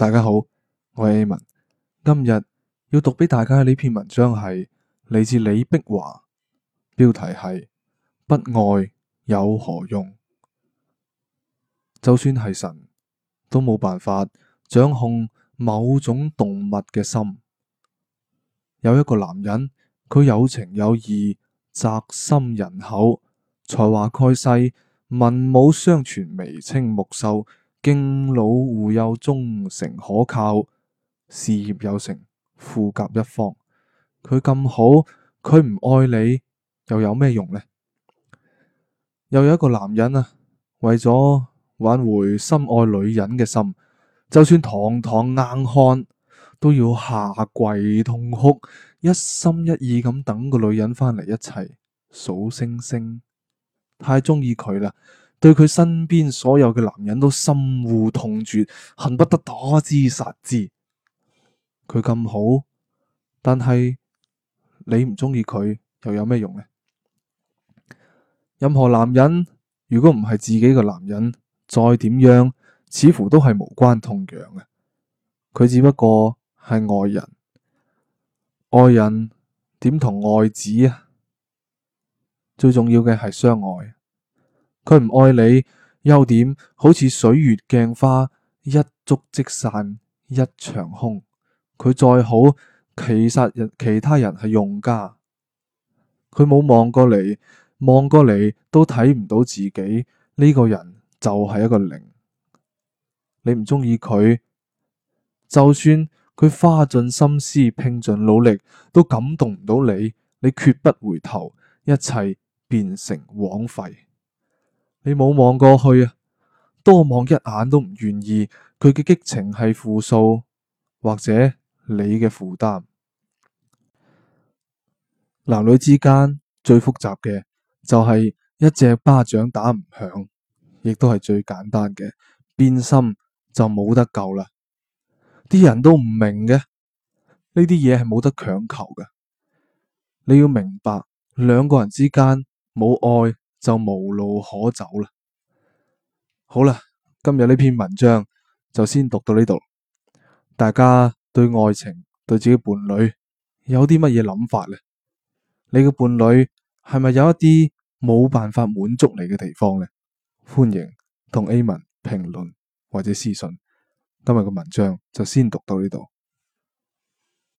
大家好，我係 A 文，今日要讀俾大家嘅呢篇文章係嚟自李碧華，標題係不愛有何用？就算係神，都冇辦法掌控某種動物嘅心。有一個男人，佢有情有義，宅心仁厚，才華蓋世，文武雙全，眉清目秀。敬老護幼，忠誠可靠，事業有成，富甲一方。佢咁好，佢唔愛你又有咩用呢？又有一個男人啊，為咗挽迴心愛女人嘅心，就算堂堂硬漢，都要下跪痛哭，一心一意咁等個女人返嚟一齊數星星，太鍾意佢啦！對佢身邊所有嘅男人都深惡痛絕，恨不得打之殺之。佢咁好，但係你唔鍾意佢又有咩用呢？任何男人，如果唔係自己嘅男人，再點樣似乎都係無關痛癢嘅。佢只不過係外人，外人點同外子啊？最重要嘅係相愛。佢唔愛你，優點好似水月鏡花，一觸即散，一場空。佢再好，其實其他人係用家，佢冇望過嚟，望過嚟都睇唔到自己呢、這個人就係一個零。你唔中意佢，就算佢花盡心思、拼盡努力，都感動唔到你，你決不回頭，一切變成枉費。你冇望過去啊，多望一眼都唔願意。佢嘅激情係負數，或者你嘅負擔。男女之間最複雜嘅就係一隻巴掌打唔響，亦都係最簡單嘅，變心就冇得救啦。啲人都唔明嘅，呢啲嘢係冇得強求㗎。你要明白，兩個人之間冇愛。就無路可走啦。好啦，今日呢篇文章就先讀到呢度。大家對愛情，對自己伴侶有啲乜嘢諗法呢？你嘅伴侶係咪有一啲冇辦法滿足你嘅地方呢？歡迎同 A 文評論或者私信。今日嘅文章就先讀到呢度。